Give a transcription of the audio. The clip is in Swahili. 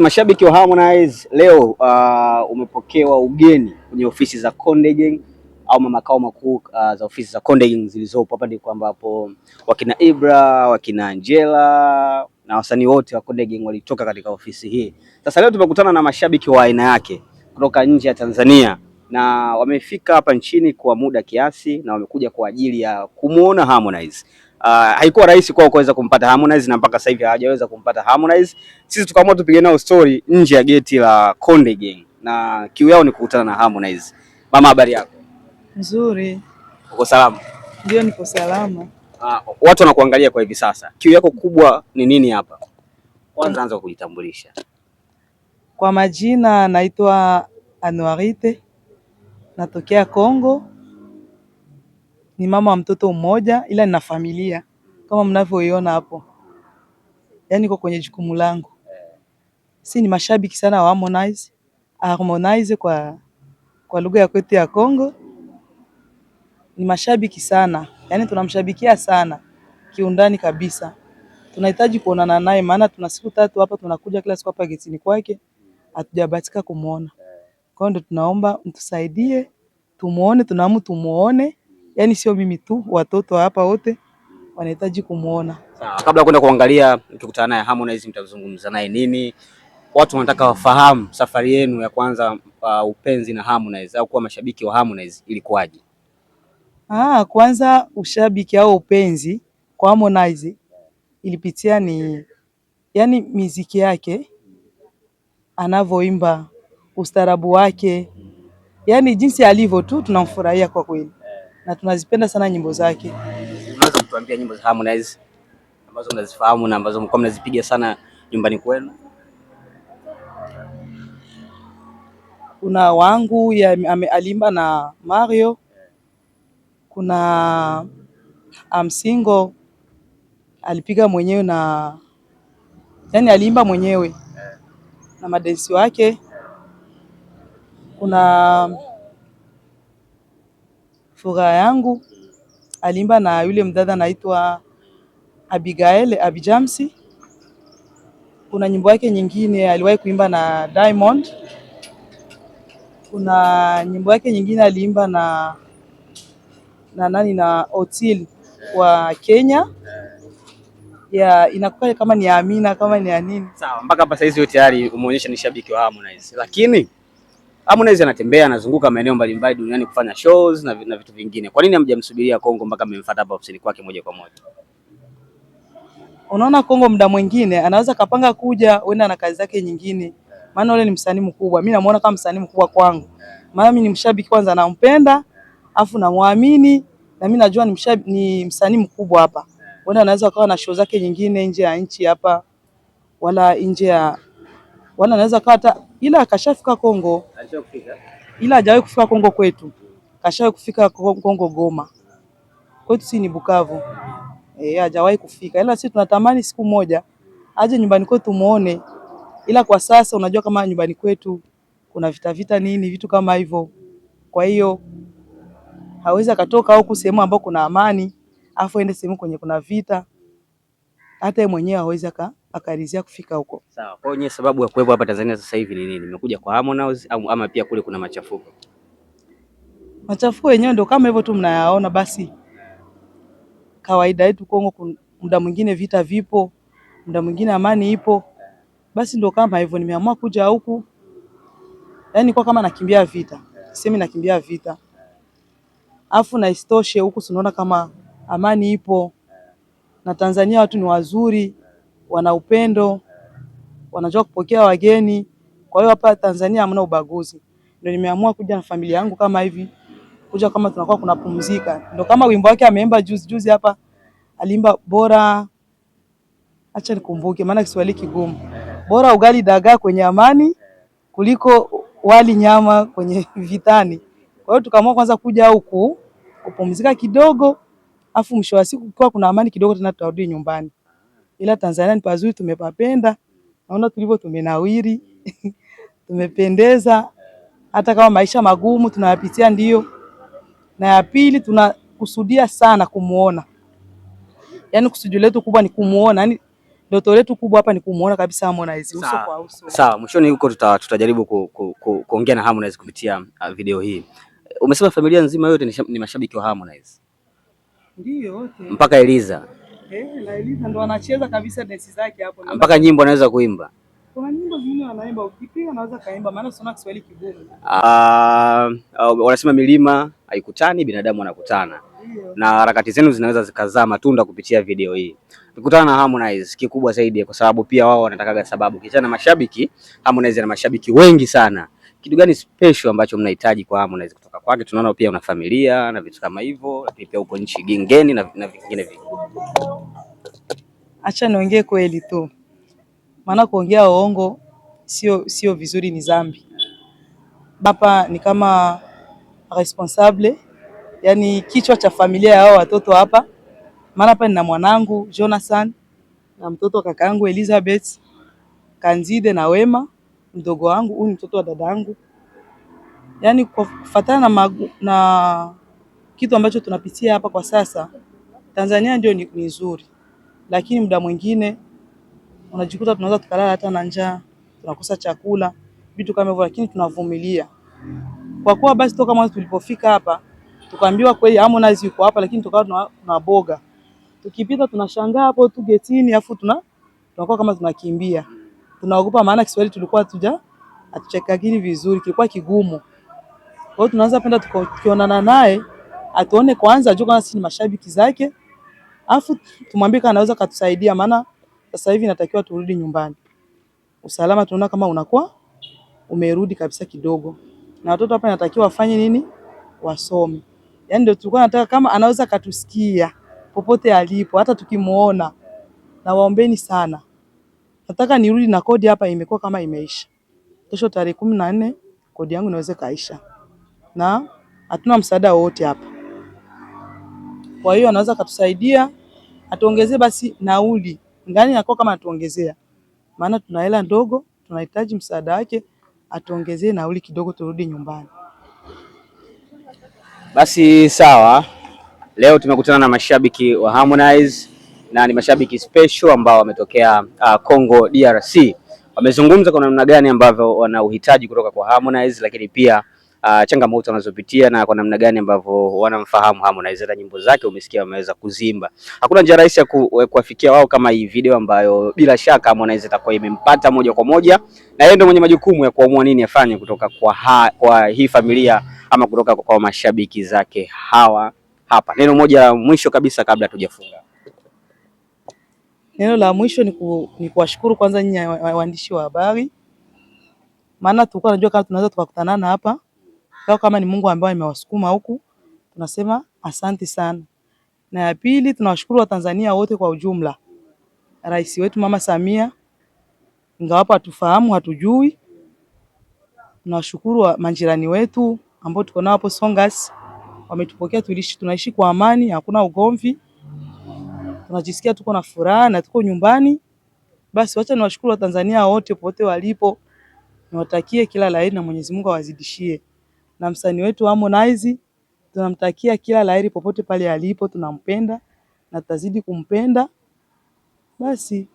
mashabiki wa Harmonize leo uh, umepokewa ugeni kwenye ofisi za Konde Gang au makao makuu uh, za ofisi za Konde Gang zilizopo hapa, ndiko ambapo wakina Ibra, wakina Angela na wasanii wote wa Konde Gang walitoka katika ofisi hii. Sasa leo tumekutana na mashabiki wa aina yake kutoka nje ya Tanzania na wamefika hapa nchini kwa muda kiasi na wamekuja kwa ajili ya kumuona Harmonize. Uh, haikuwa rahisi kwao kuweza kumpata Harmonize na mpaka sasa hivi hawajaweza kumpata Harmonize. Sisi tukaamua tupige nao story nje ya geti la Konde Gang na kiu yao ni kukutana na Harmonize. Mama, habari yako? Nzuri. Uko salama? Ndio, niko salama. Uh, watu wanakuangalia kwa hivi sasa, kiu yako kubwa ni nini hapa? Kwanza anza kujitambulisha. Kwa majina naitwa Anuarite, natokea Kongo, ni mama wa mtoto mmoja ila nina familia kama mnavyoiona hapo, yaani iko kwenye jukumu langu. Si ni mashabiki sana wa Harmonize, Harmonize kwa, kwa lugha ya kwetu ya Kongo ni mashabiki sana, yaani tunamshabikia sana kiundani kabisa. Tunahitaji kuonana naye, maana tuna siku tatu hapa, tunakuja kila siku hapa getini kwake, hatujabatika kumwona. Kwa hiyo ndio tunaomba mtusaidie, tumuone, tunamu tumuone yani sio mimi tu, watoto hapa wote wanahitaji kumwona. Kabla kwenda kuangalia, mkikutana naye Harmonize mtazungumza naye nini? Watu wanataka wafahamu safari yenu ya kwanza, uh, upenzi na Harmonize au kuwa mashabiki wa Harmonize ilikuwaje? Ah, kwanza ushabiki au upenzi kwa Harmonize ilipitia ni yani miziki yake anavyoimba, ustarabu wake, yani jinsi alivyo tu tunamfurahia kwa kweli na tunazipenda sana nyimbo zake. Unaweza kutuambia nyimbo za Harmonize ambazo mnazifahamu na ambazo mko mnazipiga sana nyumbani kwenu? Kuna wangu ya alimba na Mario, kuna amsingo alipiga mwenyewe na yani aliimba mwenyewe na madensi wake, kuna furaha yangu. Aliimba na yule mdada anaitwa Abigail Abijamsi. Kuna nyimbo yake nyingine aliwahi kuimba na Diamond. Kuna nyimbo yake nyingine aliimba na na nani na Otil wa Kenya ya inakuwa kama ni Amina kama ni ya nini. Sawa, mpaka hapa saizi tayari umeonyesha ni shabiki wa Harmonize, lakini Harmonize anatembea anazunguka maeneo mbalimbali duniani kufanya shows na, na vitu vingine. Kwa nini hamjamsubiria Kongo mpaka amemfuata hapa ofisini kwake moja kwa moja? Unaona, Kongo muda mwingine anaweza kapanga kuja, uenda na kazi zake nyingine, maana yule ni msanii mkubwa. Mimi namuona kama msanii mkubwa kwangu, maana mimi ni mshabiki kwanza, nampenda afu namwamini, na mimi najua ni, mshabiki, ni msanii mkubwa hapa, uenda anaweza kawa na show zake nyingine nje ya nchi hapa wala nje ya wana anaweza kata, ila akashafika Kongo, ila hajawahi kufika Kongo kwetu, kashawahi kufika Kongo Goma, kwetu si ni Bukavu eh, hajawahi kufika, ila sisi tunatamani siku moja aje nyumbani kwetu muone, ila kwa sasa unajua kama nyumbani kwetu kuna vita vita nini vitu kama hivyo, kwa hiyo hawezi akatoka huku sehemu ambao kuna amani afu ende sehemu kwenye kuna vita, hata yeye mwenyewe hawezi aka akaridhia kufika huko. Sawa. Kwa hiyo sababu ya kuwepo hapa Tanzania sasa hivi ni nini? Nimekuja kwa Harmonize au ama pia kule kuna machafuko? Machafuko yenyewe ndio kama hivyo tu mnayaona, basi kawaida yetu Kongo, muda mwingine vita vipo, muda mwingine amani ipo, basi ndio kama hivyo. Nimeamua kuja huku, yaani kwa kama nakimbia vita, sisemi nakimbia vita, afu na istoshe huku, sinaona kama amani ipo na Tanzania watu ni wazuri wana upendo, wanajua kupokea wageni. Kwa hiyo hapa Tanzania hamna ubaguzi. Ndio nimeamua kuja na familia yangu kama hivi, kuja kama tunakuwa kunapumzika. Ndio kama wimbo wake ameimba juzi juzi hapa, alimba bora, acha nikumbuke, maana Kiswahili kigumu, bora ugali dagaa kwenye amani kuliko wali nyama kwenye vitani. Kwa hiyo tukaamua kwanza kuja huku kupumzika kidogo, afu mwisho wa siku kukiwa kuna amani kidogo, tena tutarudi nyumbani ila Tanzania ni pazuri, tumepapenda. Naona tulivyo tumenawiri tumependeza, hata kama maisha magumu tunayapitia ndio. Na ya pili tunakusudia sana kumuona, yani kusudio letu kubwa ni kumuona, yani ndoto letu kubwa hapa ni kumuona kabisa Harmonize uso kwa uso. Sawa, mwishoni huko tuta, tutajaribu kuongea ku, ku, ku, na Harmonize kupitia uh, video hii. Umesema familia nzima yote ni mashabiki wa Harmonize? Ndio, wote mpaka Eliza Eh, ndo anacheza kabisa zake hapo. Mpaka nyimbo anaweza kuimba. Kuna nyimbo zingine anaimba ukipiga anaweza kaimba maana Kiswahili kigumu. Ah, uh, wanasema milima haikutani binadamu anakutana. Na harakati zenu zinaweza zikazaa matunda kupitia video hii. Tukutana na Harmonize kikubwa zaidi kwa sababu pia wao wanatakaga sababu. Kichana mashabiki, Harmonize na mashabiki wengi sana kitu gani special ambacho mnahitaji kwa naweza kutoka kwake? Tunaona pia una familia na vitu kama hivyo, lakini pia uko nchi gingeni na, na vingine vingi. Acha niongee kweli tu, maana kuongea uongo sio sio vizuri, ni zambi. Baba ni kama responsable, yani kichwa cha familia ya watoto hapa, maana hapa nina mwanangu Jonathan na mtoto kakaangu Elizabeth Kanzide na Wema mdogo wangu, huyu mtoto wa dada yangu. Yaani kufuatana na, na kitu ambacho tunapitia hapa kwa sasa, Tanzania ndio ni nzuri, lakini muda mwingine unajikuta tunaweza tukalala hata na njaa, tunakosa chakula, vitu kama hivyo, lakini tunavumilia. Kwa kuwa basi toka mwanzo tulipofika hapa tukaambiwa kweli Harmonize yuko hapa, lakini tukawa tunaboga, tukipita tunashangaa hapo tu getini, afu tuna tunakuwa kama tunakimbia tunaogopa, maana Kiswahili tulikuwa tuja atuchekakini vizuri, kilikuwa kigumu. Kwa hiyo tunaanza penda tukionana naye atuone kwanza, ajue kama sisi ni mashabiki zake, afu tumwambie kama anaweza katusaidia, maana sasa hivi natakiwa turudi nyumbani. Usalama tunaona kama unakuwa umerudi kabisa kidogo, na watoto hapa natakiwa wafanye nini? Wasome. Yani ndio tulikuwa nataka kama anaweza katusikia popote alipo, hata tukimuona, na waombeni sana. Nataka nirudi na kodi hapa, imekuwa kama imeisha. Kesho tarehe kumi na nne kodi yangu inaweza kaisha, na hatuna msaada wowote hapa. Kwa hiyo anaweza katusaidia atuongezee basi nauli, ngani nakuwa kama atuongezea, maana tuna hela ndogo, tunahitaji msaada wake, atuongezee nauli kidogo turudi nyumbani. Basi sawa, leo tumekutana na mashabiki wa Harmonize na ni mashabiki special ambao wametokea uh, Congo DRC. Wamezungumza kwa namna gani ambavyo wana uhitaji kutoka kwa Harmonize, lakini pia uh, changamoto wanazopitia na kwa namna gani ambavyo wanamfahamu Harmonize. Hata nyimbo zake umesikia wameweza kuzimba. Hakuna njia rahisi ya eh, kuwafikia wao kama hii video ambayo bila shaka Harmonize itakuwa imempata moja kwa moja, na yeye ndio mwenye majukumu ya kuamua nini afanye kutoka kwa, ha, kwa hii familia ama kutoka kwa mashabiki zake hawa hapa. Neno moja mwisho kabisa kabla tujafunga. Neno la mwisho ni, ku, ni kuwashukuru kwanza nyinyi waandishi wa habari, maana tulikuwa tunajua kama tunaweza tukakutanana hapa kwa kama ni Mungu ambaye amewasukuma huku, tunasema asante sana. Na ya pili tunawashukuru Watanzania wote kwa ujumla, rais wetu Mama Samia, ingawapo hatufahamu hatujui, tunawashukuru majirani wetu ambao tuko nao hapo Songas, wametupokea tunaishi kwa amani, hakuna ugomvi tunajisikia tuko na furaha na tuko nyumbani. Basi wacha niwashukuru Watanzania wote popote walipo, niwatakie kila laheri na Mwenyezi Mungu awazidishie. Na msanii wetu Harmonize tunamtakia kila laheri popote pale alipo, tunampenda na tutazidi kumpenda basi